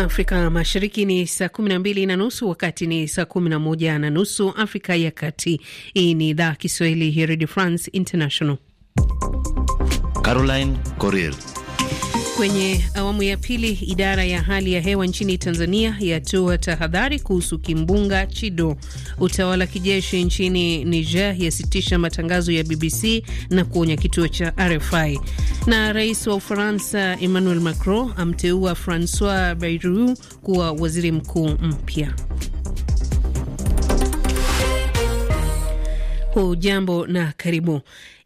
Afrika Mashariki ni saa kumi na mbili na nusu wakati ni saa kumi na moja na nusu Afrika ya Kati. Hii ni idhaa Kiswahili ya Redio France International. Caroline Corel. Kwenye awamu ya pili, idara ya hali ya hewa nchini Tanzania yatoa tahadhari kuhusu kimbunga Chido. Utawala kijeshi nchini Niger yasitisha matangazo ya BBC na kuonya kituo cha RFI. Na rais wa Ufaransa Emmanuel Macron amteua Francois Bayrou kuwa waziri mkuu mpya. Hujambo na karibu.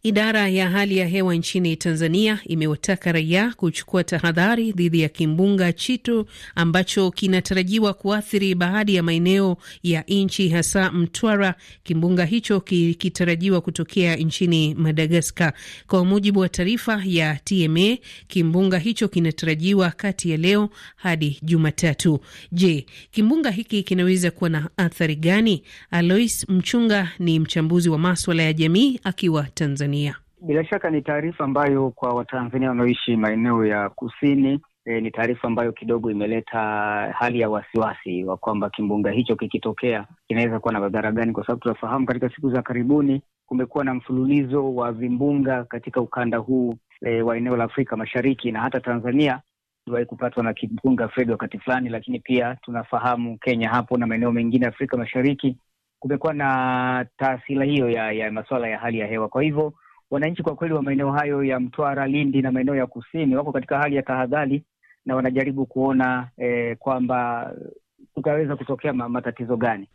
Idara ya hali ya hewa nchini Tanzania imewataka raia kuchukua tahadhari dhidi ya kimbunga Chitu ambacho kinatarajiwa kuathiri baadhi ya maeneo ya nchi, hasa Mtwara, kimbunga hicho kikitarajiwa kutokea nchini Madagaskar. Kwa mujibu wa taarifa ya TMA, kimbunga hicho kinatarajiwa kati ya leo hadi Jumatatu. Je, kimbunga hiki kinaweza kuwa na athari gani? Alois Mchunga ni mchambuzi wa maswala ya jamii akiwa Tanzania. Tanzania? Bila shaka ni taarifa ambayo kwa Watanzania wanaoishi maeneo ya kusini E, ni taarifa ambayo kidogo imeleta hali ya wasiwasi wa kwamba kimbunga hicho kikitokea kinaweza kuwa na madhara gani, kwa sababu tunafahamu katika siku za karibuni kumekuwa na mfululizo wa vimbunga katika ukanda huu e, wa eneo la Afrika Mashariki na hata Tanzania iliwahi kupatwa na kimbunga Fred wakati fulani, lakini pia tunafahamu Kenya hapo na maeneo mengine Afrika Mashariki kumekuwa na taasila hiyo ya, ya masuala ya hali ya hewa, kwa hivyo wananchi kwa kweli wa maeneo hayo ya Mtwara, Lindi na maeneo ya kusini wako katika hali ya tahadhari na wanajaribu kuona eh, kwamba tukaweza kutokea matatizo gani.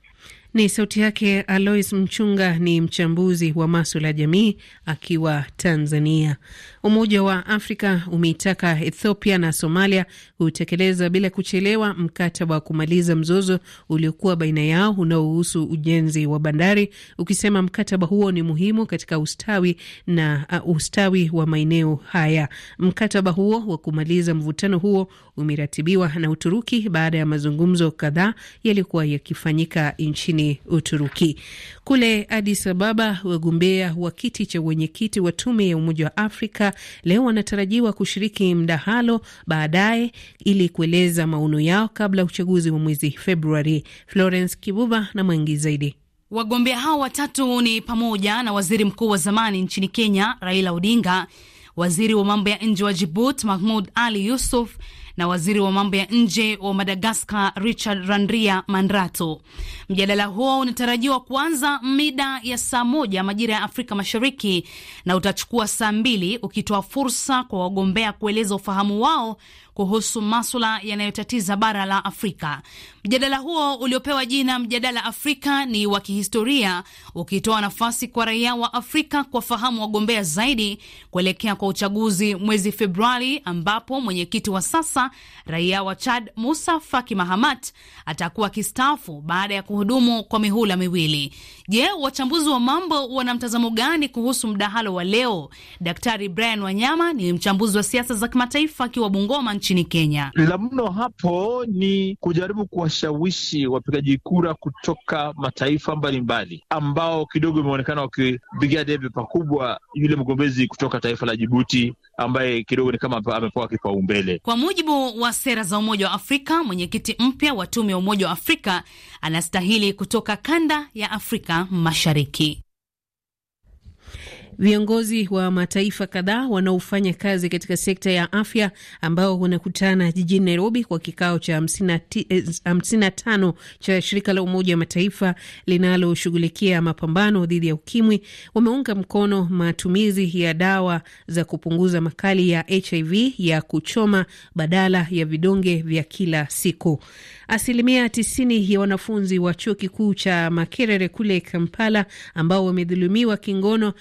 Ni sauti yake Alois Mchunga, ni mchambuzi wa maswala ya jamii akiwa Tanzania. Umoja wa Afrika umeitaka Ethiopia na Somalia kutekeleza bila kuchelewa mkataba wa kumaliza mzozo uliokuwa baina yao unaohusu ujenzi wa bandari, ukisema mkataba huo ni muhimu katika ustawi na uh, ustawi wa maeneo haya. Mkataba huo wa kumaliza mvutano huo umeratibiwa na Uturuki baada ya mazungumzo kadhaa yaliyokuwa yakifanyika nchini Uturuki. Kule Addis Ababa, wagombea wa kiti cha wenyekiti wa tume ya Umoja wa Afrika leo wanatarajiwa kushiriki mdahalo baadaye ili kueleza maono yao kabla ya uchaguzi wa mwezi Februari. Florence Kibuba na mwengi zaidi. Wagombea hao watatu ni pamoja na waziri mkuu wa zamani nchini Kenya Raila Odinga, waziri wa mambo ya nje wa jibut Mahmud Ali Yusuf na waziri wa mambo ya nje wa Madagaskar Richard Randria Mandrato. Mjadala huo unatarajiwa kuanza mida ya saa moja majira ya Afrika Mashariki na utachukua saa mbili ukitoa fursa kwa wagombea kueleza ufahamu wao kuhusu maswala yanayotatiza bara la Afrika. Mjadala huo uliopewa jina Mjadala Afrika ni wa kihistoria, ukitoa nafasi kwa raia wa Afrika kuwafahamu wagombea zaidi kuelekea kwa uchaguzi mwezi Februari, ambapo mwenyekiti wa sasa raia wa Chad Musa Faki Mahamat atakuwa akistaafu baada ya kuhudumu kwa mihula miwili. Je, wachambuzi wa mambo wana mtazamo gani kuhusu mdahalo wa leo? Daktari Brian Wanyama ni mchambuzi wa siasa za kimataifa akiwa Bungoma nchi nchini Kenya. La mno hapo ni kujaribu kuwashawishi wapigaji kura kutoka mataifa mbalimbali, ambao kidogo imeonekana wakipigia debe pakubwa yule mgombezi kutoka taifa la Jibuti ambaye kidogo ni kama amepewa kipaumbele. Kwa mujibu wa sera za Umoja wa Afrika, mwenyekiti mpya wa tume ya Umoja wa Afrika anastahili kutoka kanda ya Afrika Mashariki. Viongozi wa mataifa kadhaa wanaofanya kazi katika sekta ya afya ambao wanakutana jijini Nairobi kwa kikao cha 55 eh, cha shirika la Umoja wa Mataifa linaloshughulikia mapambano dhidi ya ukimwi wameunga mkono matumizi ya dawa za kupunguza makali ya HIV ya kuchoma badala ya vidonge vya kila siku. Asilimia 90 ya wanafunzi wa chuo kikuu cha Makerere kule Kampala ambao wamedhulumiwa kingono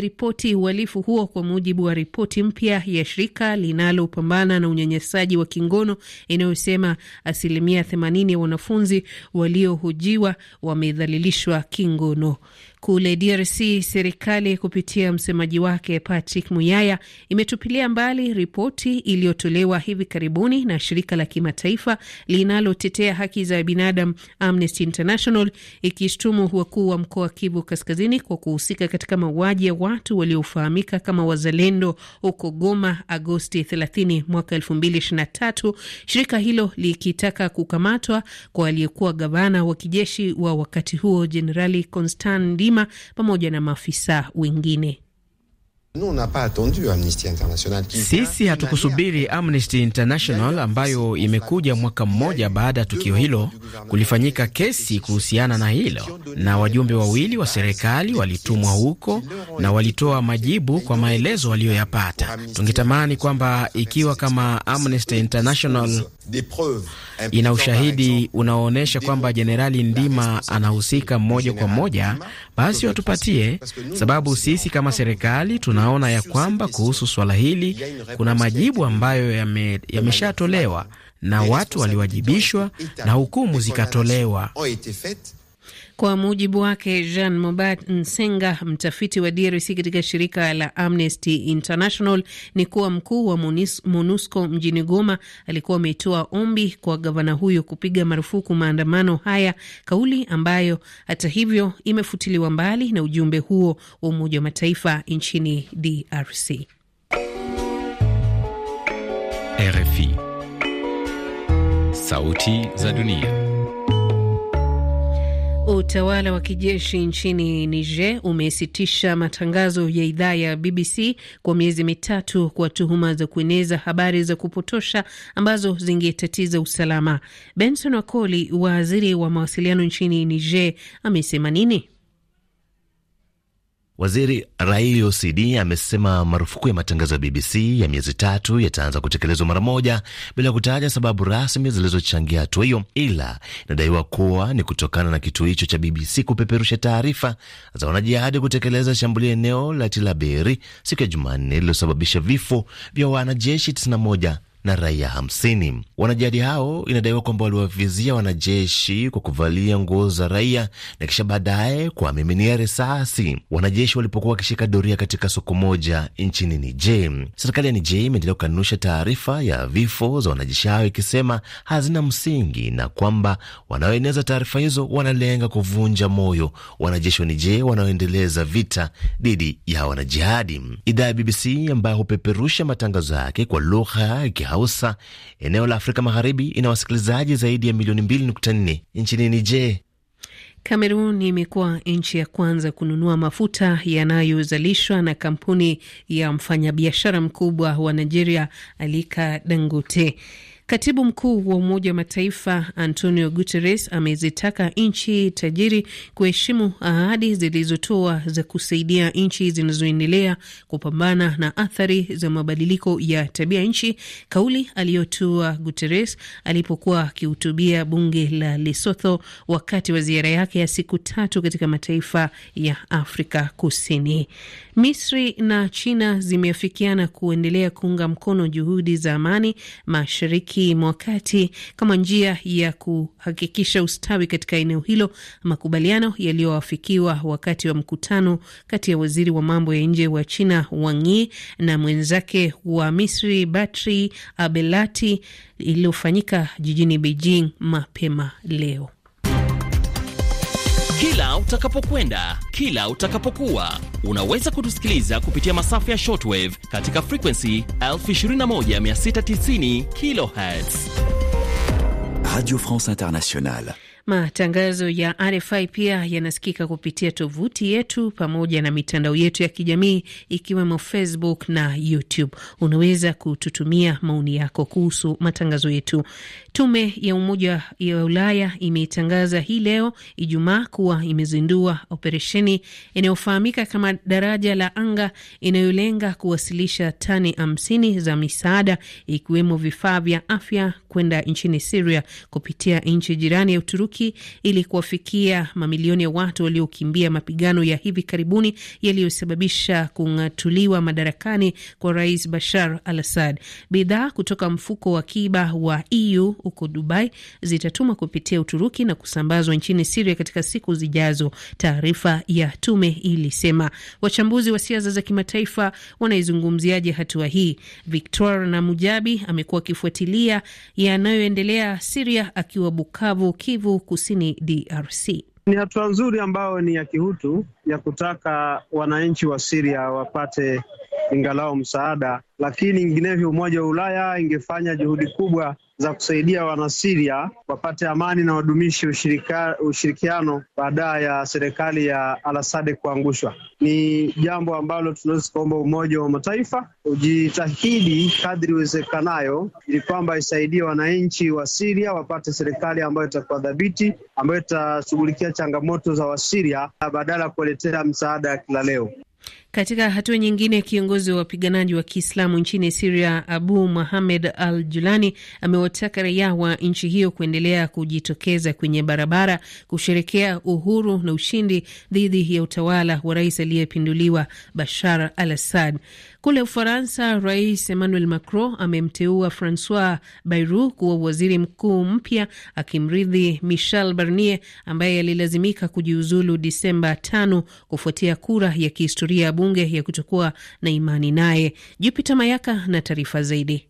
ripoti uhalifu huo, kwa mujibu wa ripoti mpya ya shirika linalopambana na unyanyasaji wa kingono inayosema asilimia 80 ya wanafunzi waliohojiwa wamedhalilishwa kingono. Kule DRC, serikali kupitia msemaji wake Patrick Muyaya imetupilia mbali ripoti iliyotolewa hivi karibuni na shirika la kimataifa linalotetea haki za binadamu Amnesty International, ikishtumu wakuu wa mkoa wa Kivu Kaskazini kwa kuhusika katika mauaji ya watu waliofahamika kama wazalendo huko Goma Agosti 30 mwaka 2023, shirika hilo likitaka kukamatwa kwa aliyekuwa gavana wa kijeshi wa wakati huo Jenerali Constant Chadema pamoja na maafisa wengine. Sisi hatukusubiri Amnesty International ambayo imekuja mwaka mmoja baada ya tukio hilo kulifanyika kesi kuhusiana na hilo, na wajumbe wawili wa serikali walitumwa huko na walitoa majibu kwa maelezo waliyoyapata. Tungetamani kwamba ikiwa kama Amnesty International Ina ushahidi unaoonyesha kwamba Jenerali Ndima anahusika moja kwa moja, basi watupatie, sababu sisi kama serikali tunaona ya kwamba kuhusu swala hili kuna majibu ambayo yameshatolewa, yame na watu waliwajibishwa na hukumu zikatolewa. Kwa mujibu wake Jean Mobat Nsenga, mtafiti wa DRC katika shirika la Amnesty International, ni kuwa mkuu wa MONUSCO mjini Goma alikuwa ametoa ombi kwa gavana huyo kupiga marufuku maandamano haya, kauli ambayo hata hivyo imefutiliwa mbali na ujumbe huo wa Umoja wa Mataifa nchini DRC. RFI, Sauti za Dunia. Utawala wa kijeshi nchini Niger umesitisha matangazo ya idhaa ya BBC kwa miezi mitatu kwa tuhuma za kueneza habari za kupotosha ambazo zingetatiza usalama. Benson Wakoli, waziri wa mawasiliano nchini Niger, amesema nini? Waziri Raila Odinga amesema marufuku ya matangazo ya BBC ya miezi tatu yataanza kutekelezwa mara moja bila kutaja sababu rasmi zilizochangia hatua hiyo, ila inadaiwa kuwa ni kutokana na kituo hicho cha BBC kupeperusha taarifa za wanajihadi kutekeleza shambulio eneo la Tilaberi siku ya Jumanne lililosababisha vifo vya wanajeshi 91 na raia hamsini. Wanajihadi hao inadaiwa kwamba waliwavizia wanajeshi kwa kuvalia nguo za raia na kisha baadaye kuwamiminia risasi wanajeshi walipokuwa wakishika doria katika soko moja nchini Niger. Serikali ya Niger imeendelea kukanusha taarifa ya vifo za wanajeshi hao ikisema hazina msingi na kwamba wanaoeneza taarifa hizo wanalenga kuvunja moyo wanajeshi wa Niger wanaoendeleza vita dhidi ya wanajihadi. Idhaa ya BBC ambayo hupeperusha matangazo yake kwa lugha Hausa eneo la Afrika Magharibi ina wasikilizaji zaidi ya milioni 2.4 nchini Niger. Kamerun imekuwa nchi ya kwanza kununua mafuta yanayozalishwa na kampuni ya mfanyabiashara mkubwa wa Nigeria Alika Dangote. Katibu mkuu wa Umoja wa Mataifa Antonio Guterres amezitaka nchi tajiri kuheshimu ahadi zilizotoa za kusaidia nchi zinazoendelea kupambana na athari za mabadiliko ya tabia nchi, kauli aliyotoa Guterres alipokuwa akihutubia bunge la Lesotho wakati wa ziara yake ya siku tatu katika mataifa ya Afrika Kusini. Misri na China zimeafikiana kuendelea kuunga mkono juhudi za amani mashariki mashariki mwa kati kama njia ya kuhakikisha ustawi katika eneo hilo, makubaliano yaliyoafikiwa wakati wa mkutano kati ya waziri wa mambo ya nje wa China Wang Yi na mwenzake wa Misri Batri Abelati iliyofanyika jijini Beijing mapema leo. Kila utakapokwenda, kila utakapokuwa, unaweza kutusikiliza kupitia masafa ya shortwave katika frequency 21690 kh Radio France Internationale. Matangazo ya RFI pia yanasikika kupitia tovuti yetu pamoja na mitandao yetu ya kijamii ikiwemo Facebook na YouTube. Unaweza kututumia maoni yako kuhusu matangazo yetu. Tume ya Umoja ya Ulaya imetangaza hii leo Ijumaa kuwa imezindua operesheni inayofahamika kama daraja la anga inayolenga kuwasilisha tani hamsini za misaada ikiwemo vifaa vya afya kwenda nchini siria kupitia nchi jirani ya Uturuki Uturuki ili kuwafikia mamilioni ya watu waliokimbia mapigano ya hivi karibuni yaliyosababisha kung'atuliwa madarakani kwa Rais Bashar al Assad. Bidhaa kutoka mfuko wa akiba wa EU huko Dubai zitatumwa kupitia Uturuki na kusambazwa nchini Siria katika siku zijazo, taarifa ya tume ilisema. Wachambuzi wa siasa za kimataifa wanaizungumziaje hatua hii? Victor na Mujabi amekuwa akifuatilia yanayoendelea Siria akiwa Bukavu, Kivu kusini DRC. Ni hatua nzuri ambayo ni ya kihutu ya kutaka wananchi wa Siria wapate ingalao msaada, lakini inginevyo Umoja wa Ulaya ingefanya juhudi kubwa za kusaidia wanasiria wapate amani na wadumishi ushirikiano baada ya serikali ya Alasade kuangushwa. Ni jambo ambalo tunaweza tukaomba Umoja wa Mataifa ujitahidi kadri iwezekanayo, ili kwamba isaidie wananchi wa Siria wapate serikali ambayo itakuwa dhabiti, ambayo itashughulikia changamoto za Wasiria badala ya kuwaletea msaada ya kila leo. Katika hatua nyingine, kiongozi wa wapiganaji wa Kiislamu nchini Siria Abu mohamed Al Julani amewataka raia wa nchi hiyo kuendelea kujitokeza kwenye barabara kusherekea uhuru na ushindi dhidi ya utawala wa rais aliyepinduliwa Bashar Al Assad. Kule Ufaransa, Rais Emmanuel Macron amemteua Francois Bayrou kuwa waziri mkuu mpya akimrithi Michel Barnier ambaye alilazimika kujiuzulu Disemba tano kufuatia kura ya kihistoria bunge ya kutokuwa na imani naye. Jupita Mayaka na taarifa zaidi.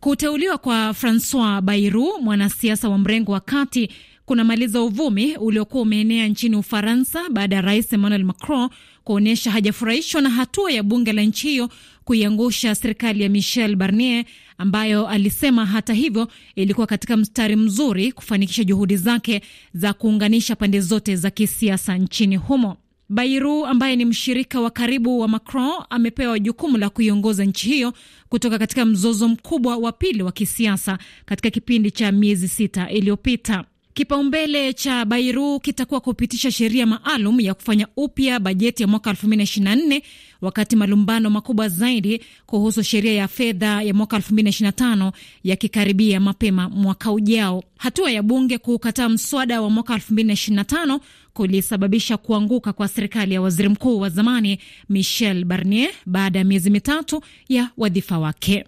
Kuteuliwa kwa Francois Bayrou, mwanasiasa wa mrengo wa kati, kunamaliza uvumi uliokuwa umeenea nchini Ufaransa baada ya rais Emmanuel Macron kuonyesha hajafurahishwa na hatua ya bunge la nchi hiyo kuiangusha serikali ya Michel Barnier ambayo alisema hata hivyo ilikuwa katika mstari mzuri kufanikisha juhudi zake za kuunganisha pande zote za kisiasa nchini humo. Bayrou ambaye ni mshirika wa karibu wa Macron amepewa jukumu la kuiongoza nchi hiyo kutoka katika mzozo mkubwa wa pili wa kisiasa katika kipindi cha miezi sita iliyopita. Kipaumbele cha Bairu kitakuwa kupitisha sheria maalum ya kufanya upya bajeti ya mwaka 2024 wakati malumbano makubwa zaidi kuhusu sheria ya fedha ya mwaka 2025 yakikaribia mapema mwaka ujao. Hatua ya bunge kuukataa mswada wa mwaka 2025 kulisababisha kuanguka kwa serikali ya waziri mkuu wa zamani Michel Barnier baada ya miezi mitatu ya wadhifa wake.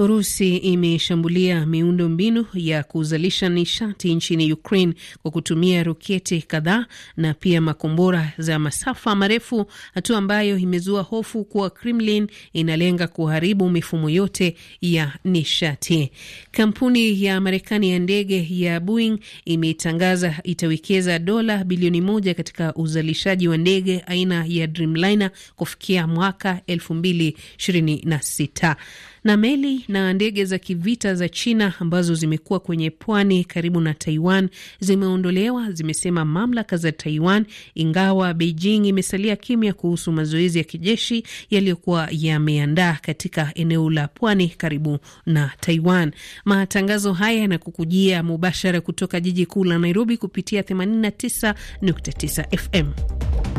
Urusi imeshambulia miundo mbinu ya kuzalisha nishati nchini Ukraine kwa kutumia roketi kadhaa na pia makombora za masafa marefu, hatua ambayo imezua hofu kuwa Kremlin inalenga kuharibu mifumo yote ya nishati. Kampuni ya Marekani ya ndege ya Boeing imetangaza itawekeza dola bilioni moja katika uzalishaji wa ndege aina ya Dreamliner kufikia mwaka 2026 na meli na ndege za kivita za China ambazo zimekuwa kwenye pwani karibu na Taiwan zimeondolewa, zimesema mamlaka za Taiwan, ingawa Beijing imesalia kimya kuhusu mazoezi ya kijeshi yaliyokuwa yameandaa katika eneo la pwani karibu na Taiwan. Matangazo haya yanakukujia mubashara kutoka jiji kuu la Nairobi kupitia 89.9 FM.